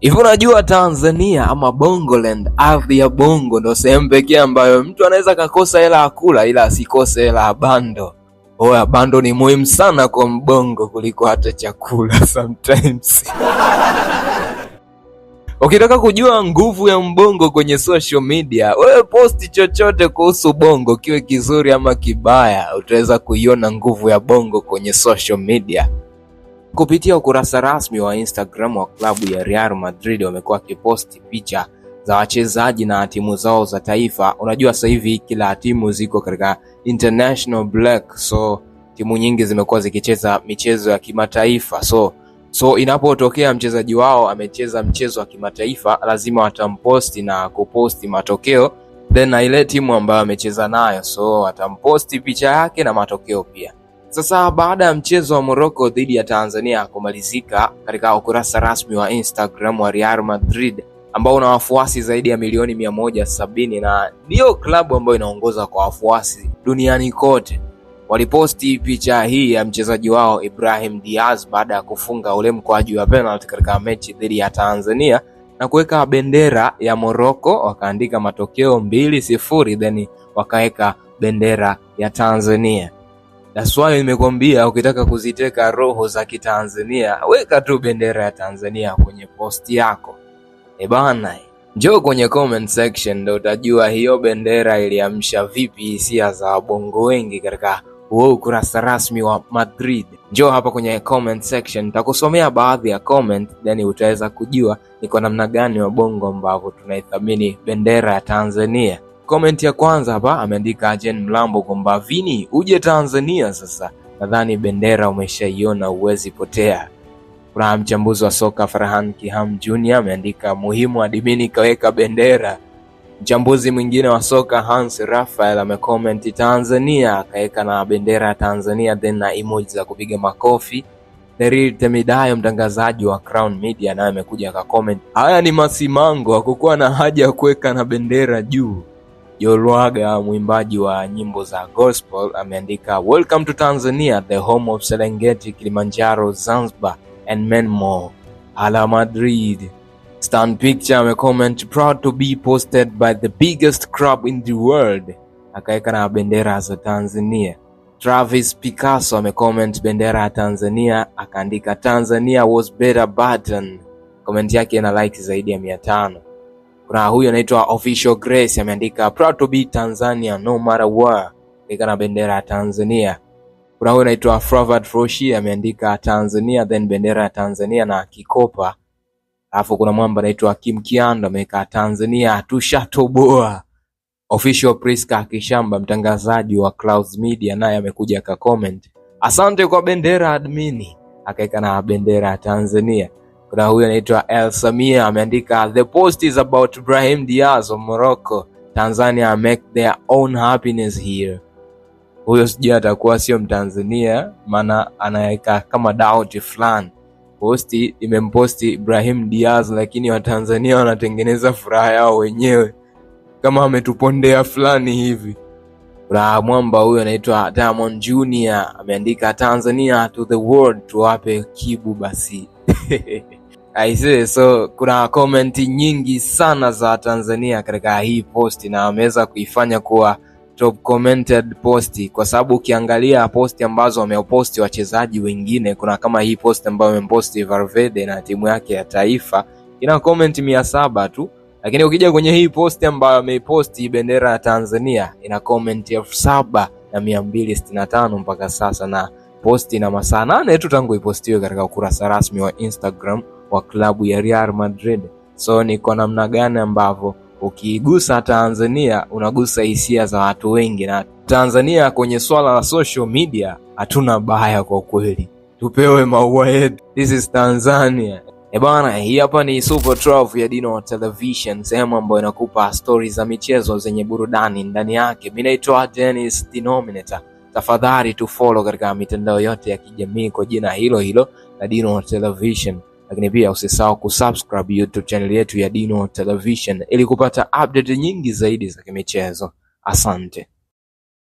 Hivi unajua Tanzania ama Bongoland, ardhi ya Bongo ndo sehemu pekee ambayo mtu anaweza kakosa hela ya kula ila asikose hela ya bando. Oya, oh, bando ni muhimu sana kwa mbongo kuliko hata chakula sometimes. Ukitaka kujua nguvu ya mbongo kwenye social media, wewe posti chochote kuhusu bongo, kiwe kizuri ama kibaya, utaweza kuiona nguvu ya bongo kwenye social media. Kupitia ukurasa rasmi wa Instagram wa klabu ya Real Madrid wamekuwa wakiposti picha za wachezaji na timu zao za taifa. Unajua sasa hivi kila timu ziko katika international break, so timu nyingi zimekuwa zikicheza michezo ya kimataifa so so inapotokea mchezaji wao amecheza mchezo wa kimataifa, lazima watamposti na kuposti matokeo then na ile timu ambayo amecheza nayo, so watamposti picha yake na matokeo pia. Sasa baada ya mchezo wa Morocco dhidi ya Tanzania kumalizika katika ukurasa rasmi wa Instagram wa Real Madrid ambao una wafuasi zaidi ya milioni mia moja sabini na ndiyo klabu ambayo inaongoza kwa wafuasi duniani kote, waliposti picha hii ya mchezaji wao Ibrahim Diaz baada ya kufunga ule mkwaju wa penalty katika mechi dhidi ya Tanzania na kuweka bendera ya Morocco, wakaandika matokeo mbili sifuri, then wakaweka bendera ya Tanzania na swali nimekwambia, ukitaka kuziteka roho za Kitanzania weka tu bendera ya Tanzania kwenye posti yako. E bana, njoo kwenye comment section ndio utajua hiyo bendera iliamsha vipi hisia za wabongo wengi katika huo ukurasa rasmi wa Madrid. Njoo hapa kwenye comment section, nitakusomea baadhi ya comment then utaweza kujua ni kwa namna gani wabongo ambavyo tunaithamini bendera ya Tanzania. Comment ya kwanza hapa ameandika Jen Mlambo kwamba Vini, uje Tanzania sasa, nadhani bendera umeshaiona, uwezi potea. Kuna mchambuzi wa soka Farhan Kiham Jr ameandika muhimu adimini kaweka bendera. Mchambuzi mwingine wa soka Hans Rafael amecomment Tanzania, akaweka na bendera ya Tanzania then na emoji za kupiga makofi. Neril Temidayo mtangazaji wa Crown Media naye amekuja akacomment, haya ni masimango, hakukuwa na haja ya kuweka na bendera juu. Joe mwimbaji wa nyimbo za gospel ameandika Welcome to Tanzania the home of Serengeti Kilimanjaro Zanzibar and many more Hala Madrid Stan Picture amecomment proud to be posted by the biggest club in the world akaweka na bendera za Tanzania Travis Picasso amecomment bendera ya Tanzania akaandika Tanzania was better button. Komenti yake ina like zaidi ya kuna huyu anaitwa Official Grace ameandika proud to be Tanzania no matter what, ika na bendera ya Tanzania. Kuna huyu anaitwa Fravard Froshi ameandika Tanzania then bendera ya Tanzania na kikopa. Alafu kuna mwamba anaitwa Kim Kiando ameweka Tanzania tushatoboa. Official Priska Kishamba mtangazaji wa Clouds Media naye amekuja ka comment. Asante kwa bendera admini, akaweka na bendera ya Tanzania. Kuna huyu anaitwa El Samia ameandika the post is about Brahim Diaz of Morocco Tanzania make their own happiness here. Huyo sijui atakuwa sio Mtanzania, maana anaweka kama doubt fulani. Posti imemposti Ibrahim Diaz, lakini Watanzania wanatengeneza furaha yao wenyewe kama ametupondea fulani hivi. Raha mwamba huyo anaitwa Diamond Junior ameandika Tanzania to the world, tuwape kibu basi Aisee, so kuna komenti nyingi sana za tanzania katika hii posti na ameweza kuifanya kuwa top commented posti, kwa sababu ukiangalia posti ambazo wameposti wachezaji wengine, kuna kama hii posti ambayo wamemposti varvede na timu yake ya taifa ina komenti mia saba tu, lakini ukija kwenye hii posti ambayo ameiposti bendera ya Tanzania ina komenti elfu saba na mia mbili sitini na tano mpaka sasa, na posti ina masaa nane tu tangu ipostiwe katika ukurasa rasmi wa Instagram wa klabu ya Real Madrid. So ni kwa namna gani ambavyo ukiigusa Tanzania unagusa hisia za watu wengi, na Tanzania kwenye swala la social media hatuna baya kwa kweli, tupewe maua yetu. This is Tanzania. E eh bana, hii hapa ni Super Trove ya Dino Television, sehemu ambayo inakupa stori za michezo zenye burudani ndani yake. Mimi naitwa Dennis Dinominator. Tafadhali tu follow katika mitandao yote ya kijamii kwa jina hilo hilo la Dino Television lakini pia usisahau kusubscribe YouTube channel yetu ya Dino Television ili kupata update nyingi zaidi za kimichezo. Asante.